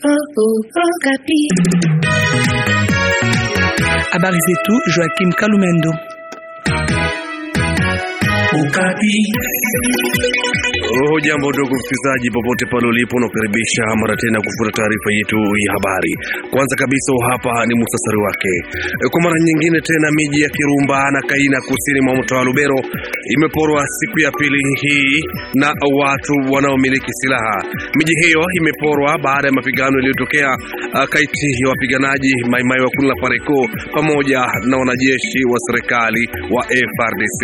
Fok, fok, fok, kapi. A barize tou, Joakim Kaloumendo. Fok, kapi. Oh, jambo ndugu msikilizaji, popote pale ulipo, unakukaribisha mara tena kufuata taarifa yetu ya habari. Kwanza kabisa, hapa ni muhtasari wake. Kwa mara nyingine tena, miji ya Kirumba na Kaina kusini mwa mtaa wa Lubero imeporwa siku ya pili hii na watu wanaomiliki silaha. Miji hiyo imeporwa baada ya mapigano yaliyotokea uh, kati ya wapiganaji maimai wa kundi la Pareko pamoja na wanajeshi wa serikali wa frdc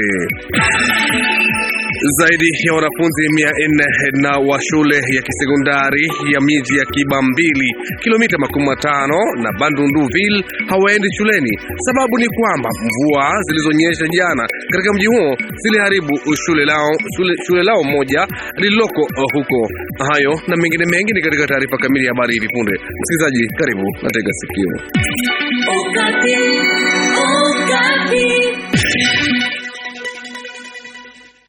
zaidi ya wanafunzi mia nne na wa shule ya kisekondari ya miji ya Kibambili, kilomita makumi matano na Bandunduville hawaendi shuleni. Sababu ni kwamba mvua zilizonyesha jana katika mji huo ziliharibu shule lao, shule, shule lao moja lililoko huko. Hayo na mengine mengi ni katika taarifa kamili ya habari hivi punde. Msikilizaji, karibu na tega sikio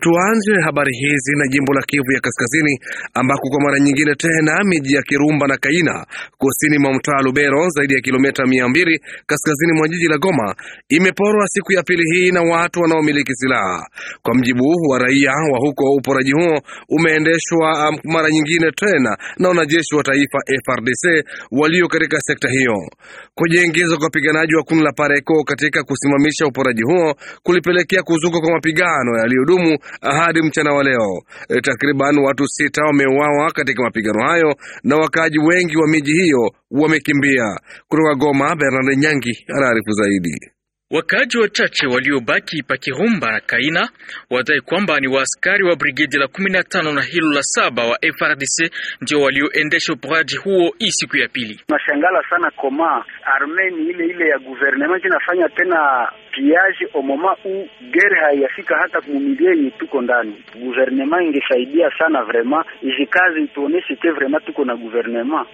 Tuanze habari hizi na jimbo la Kivu ya Kaskazini, ambako kwa mara nyingine tena miji ya Kirumba na Kaina kusini mwa mtaa Lubero, zaidi ya kilomita mia mbili kaskazini mwa jiji la Goma, imeporwa siku ya pili hii na watu wanaomiliki silaha. Kwa mjibu wa raia wa huko, uporaji huo umeendeshwa um, mara nyingine tena na wanajeshi wa taifa FRDC walio katika sekta hiyo. Kujiingiza kwa wapiganaji wa kundi la Pareko katika kusimamisha uporaji huo kulipelekea kuzuka kwa mapigano yaliyodumu hadi mchana wa leo. E, takriban watu sita wameuawa katika mapigano hayo na wakaaji wengi wa miji hiyo wamekimbia. Kutoka Goma, Bernard Nyangi anaarifu zaidi. Wakaaji wachache waliobaki Pakirumba na Kaina wadai kwamba ni waaskari wa brigedi la 15 na hilo la saba wa FRDC ndio walioendesha uporaji huo. Hii siku ya pili, nashangala sana koma armeni ile ile ya gouvernement inafanya tena piage omoma u gere haiyafika hata kumumilia yenye tuko ndani. Gouvernement ingesaidia sana vrema, hizi kazi ituoneshe ke vrema tuko na gouvernement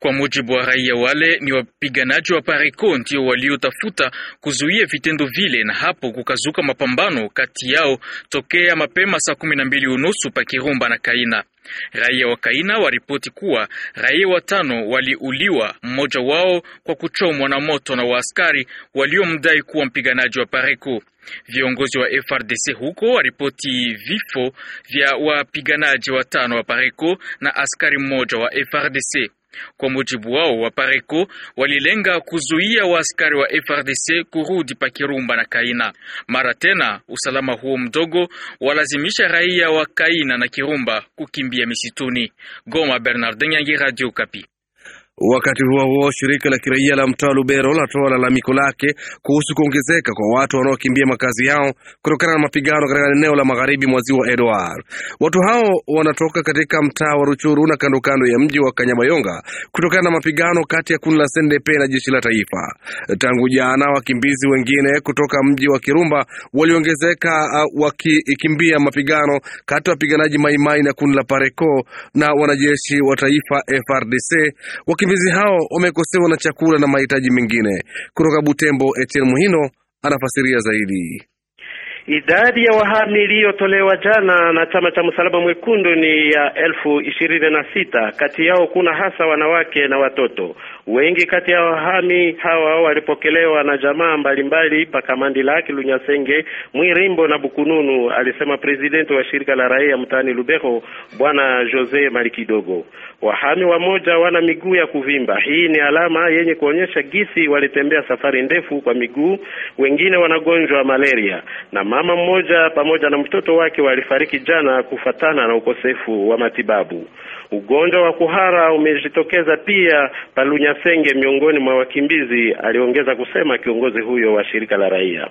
kwa mujibu wa raia, wale ni wapiganaji wa Pareco ndio waliotafuta kuzuia vitendo vile, na hapo kukazuka mapambano kati yao tokea mapema saa kumi na mbili unusu pa Kirumba na Kaina. Raia wa Kaina waripoti kuwa raia watano waliuliwa, mmoja wao kwa kuchomwa na moto na waaskari waliomdai kuwa mpiganaji wa Pareco. Viongozi wa FRDC huko waripoti vifo vya wapiganaji watano wa Pareco na askari mmoja wa FRDC. Kwa mujibu wao, wa Pareco walilenga kuzuia waaskari wa FRDC kurudi Pakirumba na Kaina. Mara tena usalama huo mdogo walazimisha raia wa Kaina na Kirumba kukimbia misituni. Goma, Bernardin Yangi, Radio Kapi. Wakati huo huo, shirika la kiraia la mtaa wa Lubero latoa lalamiko lake kuhusu kuongezeka kwa watu wanaokimbia makazi yao kutokana na mapigano katika eneo la magharibi mwa ziwa Edward. Watu hao wanatoka katika mtaa wa Ruchuru na kando kando ya mji wa Kanyabayonga kutokana na mapigano kati ya kundi la SNDP na jeshi la taifa. Tangu jana, wakimbizi wengine kutoka mji wa Kirumba waliongezeka wakikimbia mapigano kati ya wapiganaji Maimai na kundi la Pareco na wanajeshi wa taifa FRDC waki wakimbizi hao wamekosewa na chakula na mahitaji mengine. Kutoka Butembo, Etienne Muhino anafasiria zaidi. Idadi ya wahami iliyotolewa jana na chama cha Msalaba Mwekundu ni ya elfu ishirini na sita. Kati yao kuna hasa wanawake na watoto. Wengi kati ya wahami hawa walipokelewa na jamaa mbalimbali pa kamandi lake Lunyasenge, Mwirimbo na Bukununu, alisema presidenti wa shirika la raia mtaani lubeho Bwana Jose Malikidogo. Wahami wamoja wana miguu ya kuvimba. Hii ni alama yenye kuonyesha gisi walitembea safari ndefu kwa miguu. Wengine wanagonjwa malaria na Mama mmoja pamoja na mtoto wake walifariki jana kufatana na ukosefu wa matibabu. Ugonjwa wa kuhara umejitokeza pia Palunyasenge miongoni mwa wakimbizi, aliongeza kusema kiongozi huyo wa shirika la raia.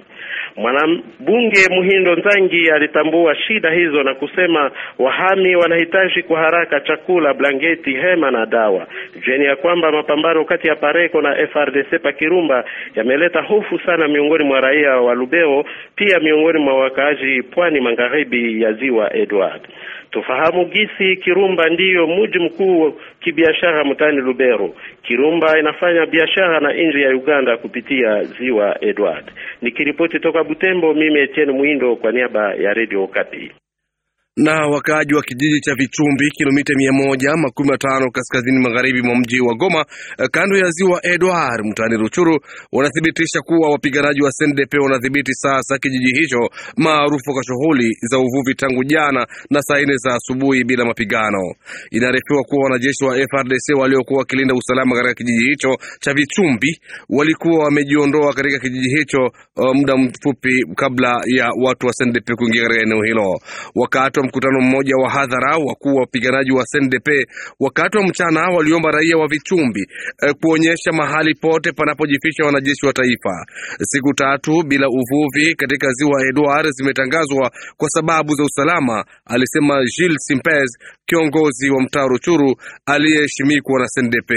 Mwanabunge Muhindo Nzangi alitambua shida hizo na kusema wahami wanahitaji kwa haraka chakula, blanketi, hema na dawa. Jueni ya kwamba mapambano kati ya Pareko na FRDC Pakirumba yameleta hofu sana miongoni mwa raia wa Lubeo, pia miongoni miongoni mwa wakaaji pwani magharibi ya ziwa Edward. Tufahamu gisi Kirumba ndiyo mji mkuu wa kibiashara mtaani Lubero. Kirumba inafanya biashara na nje ya Uganda kupitia ziwa Edward. Nikiripoti toka Butembo, mimi Etienne Mwindo kwa niaba ya Radio kati na wakaaji wa kijiji cha Vichumbi, kilomita mia moja makumi matano kaskazini magharibi mwa mji wa Goma, eh, kando ya ziwa Edward, mtaani Ruchuru, wanathibitisha kuwa wapiganaji wa SNDP wanadhibiti sasa kijiji hicho maarufu kwa shughuli za uvuvi tangu jana na saa nne za asubuhi bila mapigano. Inaarifiwa kuwa wanajeshi wa FRDC waliokuwa wakilinda usalama katika kijiji hicho cha Vichumbi walikuwa wamejiondoa katika kijiji hicho eh, muda mfupi kabla ya watu wa SNDP kuingia katika eneo hilo wakati mkutano mmoja wa hadhara, wakuu wa wapiganaji wa SNDP wakati wa mchana waliomba raia wa Vichumbi e, kuonyesha mahali pote panapojificha wanajeshi wa taifa. Siku tatu bila uvuvi katika ziwa Edward zimetangazwa kwa sababu za usalama, alisema Gilles Simpez, kiongozi wa mtaa Ruchuru aliyeheshimikwa na SNDP.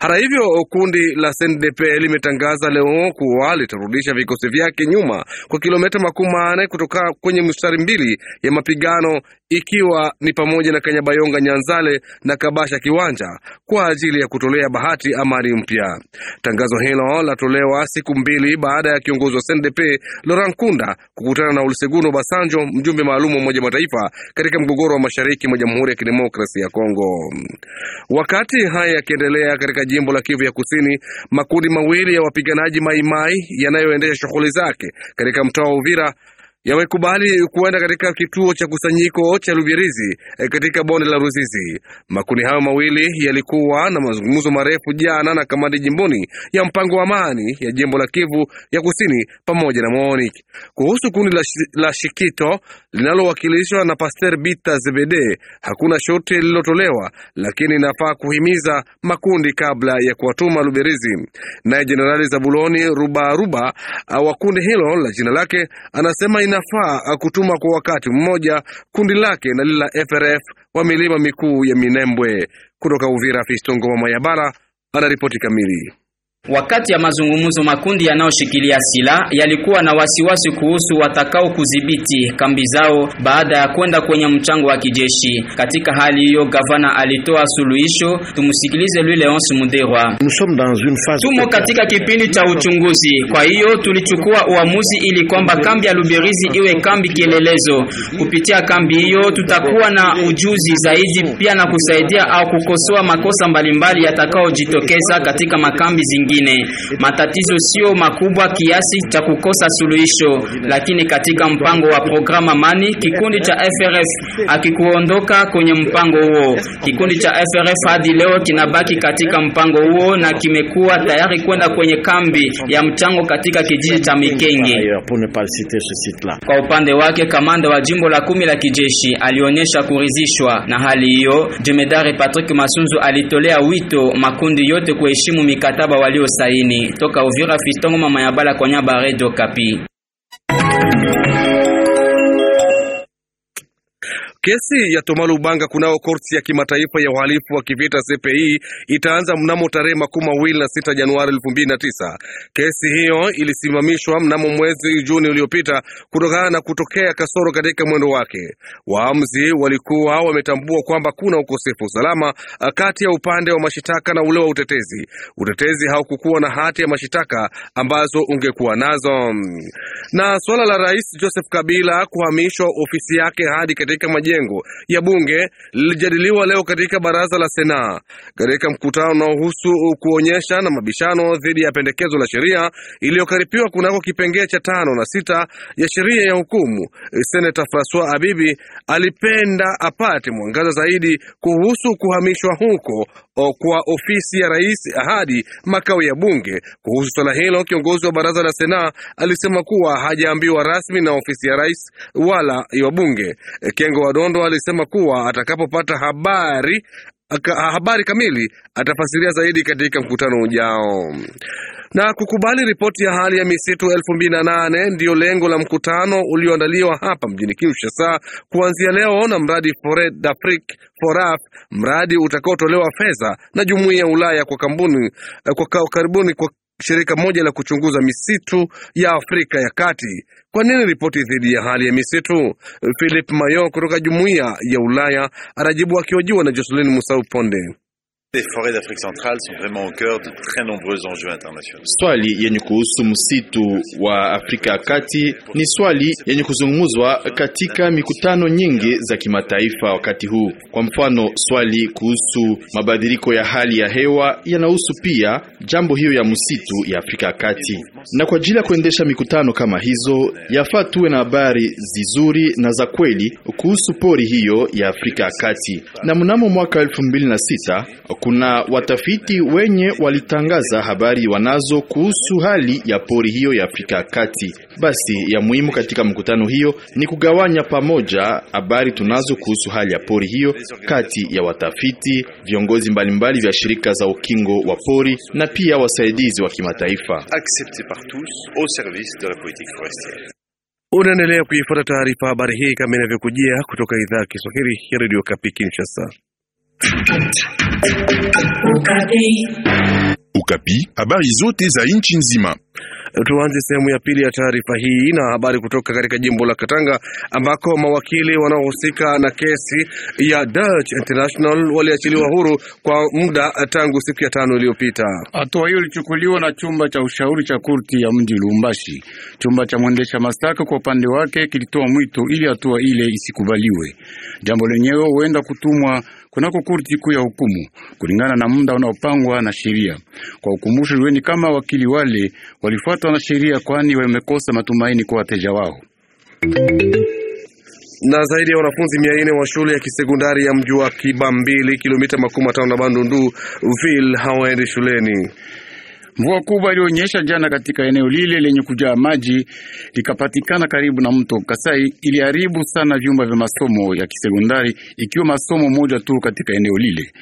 Hata hivyo, kundi la SNDP limetangaza leo kuwa litarudisha vikosi vyake nyuma kwa kilomita makumi manne kutoka kwenye mstari mbili ya mapigano ikiwa ni pamoja na Kanyabayonga Nyanzale na Kabasha Kiwanja kwa ajili ya kutolea bahati amani mpya. Tangazo hilo latolewa siku mbili baada ya kiongozi wa CNDP Laurent Kunda kukutana na Olusegun Obasanjo, mjumbe maalum wa Umoja Mataifa katika mgogoro wa mashariki mwa Jamhuri ya Kidemokrasia ya Kongo. Wakati haya yakiendelea katika jimbo la Kivu ya Kusini, makundi mawili ya wapiganaji Maimai yanayoendesha shughuli zake katika mtaa wa Uvira yamekubali kuenda katika kituo cha kusanyiko cha Lubirizi eh, katika bonde la Ruzizi. Makundi hayo mawili yalikuwa na mazungumzo marefu jana na kamati jimboni ya mpango wa amani ya jimbo la Kivu ya Kusini pamoja na MONUC kuhusu kundi la, la Shikito linalowakilishwa na Pasteur Bita Zebede. Hakuna shoti lililotolewa, lakini inafaa kuhimiza makundi kabla ya kuwatuma Lubirizi. Naye Jenerali Zabuloni Rubaruba wa kundi hilo la jina lake anasema ina inafaa kutuma kwa wakati mmoja kundi lake na lile la FRF wa milima mikuu ya Minembwe. Kutoka Uvira, Fistongo wa Mayabara anaripoti kamili. Wakati ya mazungumzo, makundi yanayoshikilia silaha yalikuwa na wasiwasi kuhusu watakao kudhibiti kambi zao baada ya kwenda kwenye mchango wa kijeshi. Katika hali hiyo, gavana alitoa suluhisho. Tumsikilize Louis Leonce Muderwa. Tumo katika kipindi cha uchunguzi, kwa hiyo tulichukua uamuzi ili kwamba kambi ya Luberizi iwe kambi kielelezo. Kupitia kambi hiyo, tutakuwa na ujuzi zaidi, pia na kusaidia au kukosoa makosa mbalimbali yatakaojitokeza katika makambi zingine mengine. Matatizo sio makubwa kiasi cha kukosa suluhisho, lakini katika mpango wa programu Amani, kikundi cha FRF akikuondoka kwenye mpango huo. Kikundi cha FRF hadi leo kinabaki katika mpango huo na kimekuwa tayari kwenda kwenye kambi ya mchango katika kijiji cha Mikenge. Kwa upande wake, kamanda wa jimbo la kumi la kijeshi alionyesha kuridhishwa na hali hiyo. Jemedari Patrick Masunzu alitolea wito makundi yote kuheshimu mikataba walio Redio Saini toka Uvira, Fistongo mama ya bala kwa nyaba Radio Kapi. Kesi ya Tomala Ubanga kunao korti ya kimataifa ya uhalifu wa kivita CPI e itaanza mnamo tarehe makumi mawili na sita Januari elfu mbili na tisa. Kesi hiyo ilisimamishwa mnamo mwezi Juni uliopita kutokana na kutokea kasoro katika mwendo wake. Waamuzi walikuwa wametambua kwamba kuna ukosefu usalama eh, kati ya upande wa mashitaka na ule wa utetezi. Utetezi haukukuwa na hati ya mashitaka ambazo ungekuwa nazo. Na swala la Rais Joseph Kabila kuhamishwa ofisi yake hadi katika majia majengo ya bunge lilijadiliwa leo katika baraza la Sena katika mkutano unaohusu kuonyesha na mabishano dhidi ya pendekezo la sheria iliyokaripiwa kunako kipengee cha tano na sita ya sheria ya hukumu. Seneta Francois Abibi alipenda apate mwangaza zaidi kuhusu kuhamishwa huko kwa ofisi ya rais hadi makao ya bunge. Kuhusu swala hilo, kiongozi wa baraza la Sena alisema kuwa hajaambiwa rasmi na ofisi ya rais wala ya bunge. Kengo wa Ndondo alisema kuwa atakapopata habari habari kamili atafasiria zaidi katika mkutano ujao. Na kukubali ripoti ya hali ya misitu 2008 ndiyo lengo la mkutano ulioandaliwa hapa mjini Kinshasa kuanzia leo na mradi Forêt d'Afrique FORAF, mradi utakaotolewa fedha na jumuiya ya Ulaya kwa, kambuni, kwa, karibuni, kwa shirika moja la kuchunguza misitu ya Afrika ya Kati. Kwa nini ripoti dhidi ya hali ya misitu? Philip Mayo kutoka Jumuiya ya Ulaya anajibu akihojiwa na Jocelyn Musau Ponde. Les forêts d'Afrique centrale sont vraiment au cœur de très nombreux enjeux internationaux. Swali yenye kuhusu msitu wa Afrika ya Kati ni swali yenye kuzungumzwa katika mikutano nyingi za kimataifa wakati huu. Kwa mfano, swali kuhusu mabadiliko ya hali ya hewa yanahusu pia jambo hiyo ya msitu ya Afrika ya Kati, na kwa ajili ya kuendesha mikutano kama hizo yafaa tuwe na habari zizuri na za kweli kuhusu pori hiyo ya Afrika ya Kati. Na mnamo mwaka 2006 kuna watafiti wenye walitangaza habari wanazo kuhusu hali ya pori hiyo ya Afrika Kati. Basi ya muhimu katika mkutano hiyo ni kugawanya pamoja habari tunazo kuhusu hali ya pori hiyo kati ya watafiti, viongozi mbalimbali vya shirika za ukingo wa pori na pia wasaidizi wa kimataifa. Unaendelea kuifuata taarifa habari hii kama inavyokujia kutoka idhaa ya Kiswahili ya Radio Kapi Kinshasa. Ukapi, habari zote za nchi nzima. Tuanze sehemu ya pili ya taarifa hii na habari kutoka katika jimbo la Katanga ambako mawakili wanaohusika na kesi ya Dutch International waliachiliwa huru kwa muda tangu siku ya tano iliyopita. Hatua hiyo ilichukuliwa na chumba cha ushauri cha kurti ya mji Lumbashi. Chumba cha mwendesha mashtaka kwa upande wake kilitoa mwito ili hatua ile isikubaliwe, jambo lenyewe huenda kutumwa kunako kurti kuu ya hukumu kulingana na muda unaopangwa na sheria. Kwa ukumbusho, jueni kama wakili wale walifuatwa na sheria, kwani wamekosa matumaini kwa wateja wao na zaidi ya wanafunzi mia nne wa shule ya kisekondari ya mji wa Kibambili, kilomita makumi matano na Bandundu ville hawaendi shuleni. Mvua kubwa ilionyesha jana katika eneo lile lenye kujaa maji likapatikana karibu na mto Kasai iliharibu sana vyumba vya masomo ya kisekondari, ikiwa masomo moja tu katika eneo lile.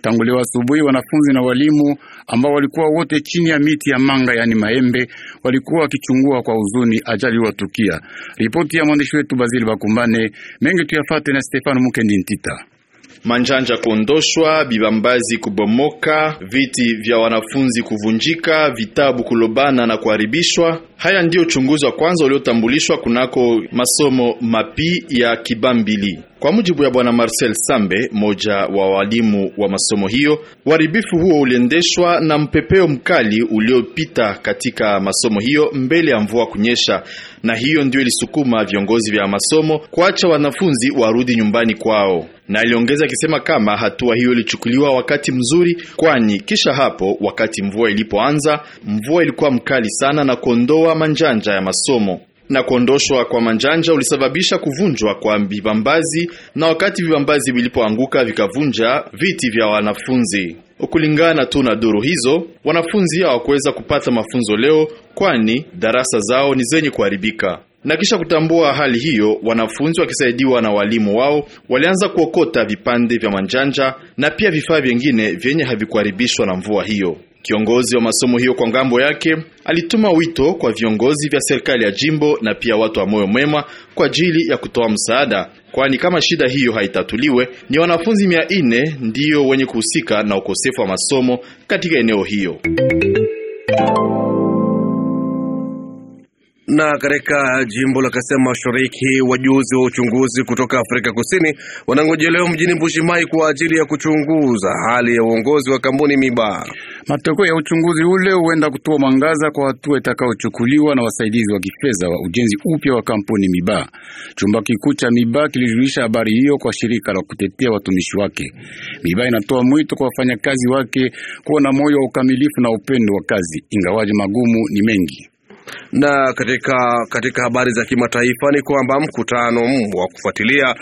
Tangu leo asubuhi, wanafunzi na walimu ambao walikuwa wote chini ya miti ya manga, yaani maembe, walikuwa wakichungua kwa huzuni ajali iliyotukia. Ripoti ya mwandishi wetu Bazili Bakumbane. Mengi tuyafate na Stefano Mukendi Ntita manjanja kuondoshwa, bibambazi kubomoka, viti vya wanafunzi kuvunjika, vitabu kulobana na kuharibishwa. Haya ndiyo uchunguzi wa kwanza uliotambulishwa kunako masomo mapi ya Kibambili. Kwa mujibu ya bwana Marcel Sambe, mmoja wa walimu wa masomo hiyo, uharibifu huo uliendeshwa na mpepeo mkali uliopita katika masomo hiyo mbele ya mvua kunyesha, na hiyo ndio ilisukuma viongozi vya masomo kuacha wanafunzi warudi nyumbani kwao na aliongeza akisema kama hatua hiyo ilichukuliwa wakati mzuri, kwani kisha hapo, wakati mvua ilipoanza, mvua ilikuwa mkali sana na kuondoa manjanja ya masomo na kuondoshwa kwa manjanja ulisababisha kuvunjwa kwa vibambazi, na wakati vibambazi vilipoanguka vikavunja viti vya wanafunzi. Kulingana tu na duru hizo, wanafunzi hawakuweza kupata mafunzo leo, kwani darasa zao ni zenye kuharibika. Na kisha kutambua hali hiyo, wanafunzi wakisaidiwa na walimu wao walianza kuokota vipande vya manjanja na pia vifaa vyengine vyenye havikuharibishwa na mvua hiyo. Kiongozi wa masomo hiyo kwa ngambo yake alituma wito kwa viongozi vya serikali ya jimbo na pia watu wa moyo mwema kwa ajili ya kutoa msaada, kwani kama shida hiyo haitatuliwe ni wanafunzi mia nne ndiyo wenye kuhusika na ukosefu wa masomo katika eneo hiyo. Na katika jimbo la Kasema Mashariki, wajuzi wa uchunguzi kutoka Afrika Kusini wanangojelewa mjini Mbushimai kwa ajili ya kuchunguza hali ya uongozi wa kampuni mibaa Matokeo ya uchunguzi ule huenda kutoa mwangaza kwa hatua itakayochukuliwa na wasaidizi wa kifedha wa ujenzi upya wa kampuni Miba. Chumba kikuu cha Miba kilijulisha habari hiyo kwa shirika la kutetea watumishi wake. Miba inatoa mwito kwa wafanyakazi wake kuwa na moyo wa ukamilifu na upendo wa kazi, ingawaje magumu ni mengi. Na katika, katika habari za kimataifa ni kwamba mkutano wa kufuatilia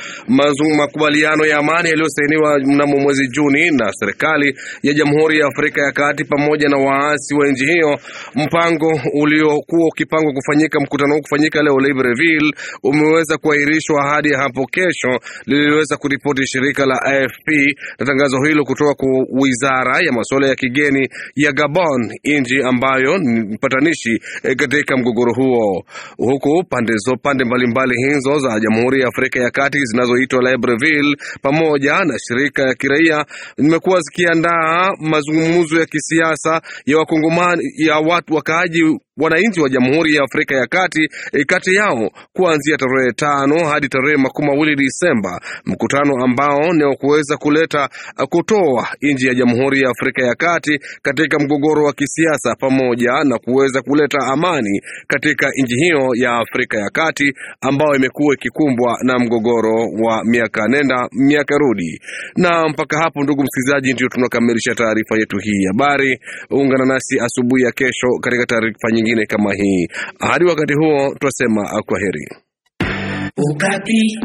makubaliano ya amani yaliyosainiwa mnamo mwezi Juni na serikali ya Jamhuri ya Afrika ya Kati pamoja na waasi wa nchi hiyo, mpango uliokuwa ukipangwa kufanyika mkutano huu kufanyika leo Libreville, umeweza kuahirishwa hadi hapo kesho, liliweza kuripoti shirika la AFP na tangazo hilo kutoka kwa wizara ya masuala ya kigeni ya Gabon, nchi ambayo mpatanishi eh, katika mgogoro huo, huku pande pande mbalimbali hizo za Jamhuri ya Afrika ya Kati zinazoitwa Libreville pamoja na shirika ya kiraia zimekuwa zikiandaa mazungumzo ya kisiasa ya wakongomani ya watu wakaaji wananchi wa Jamhuri ya Afrika ya Kati eh, kati yao kuanzia tarehe tano hadi tarehe makumi mawili Disemba, mkutano ambao ni wa kuweza kuleta eh, kutoa nchi ya Jamhuri ya Afrika ya Kati katika mgogoro wa kisiasa pamoja na kuweza kuleta amani katika nchi hiyo ya Afrika ya Kati ambayo imekuwa ikikumbwa na mgogoro wa miaka nenda miaka rudi. Na mpaka hapo, ndugu msikilizaji, ndio tunakamilisha taarifa yetu hii habari. Ungana nasi asubuhi ya kesho katika taarifa nyingine nyingine kama hii. Hadi wakati huo, twasema kwa heri. Ukati.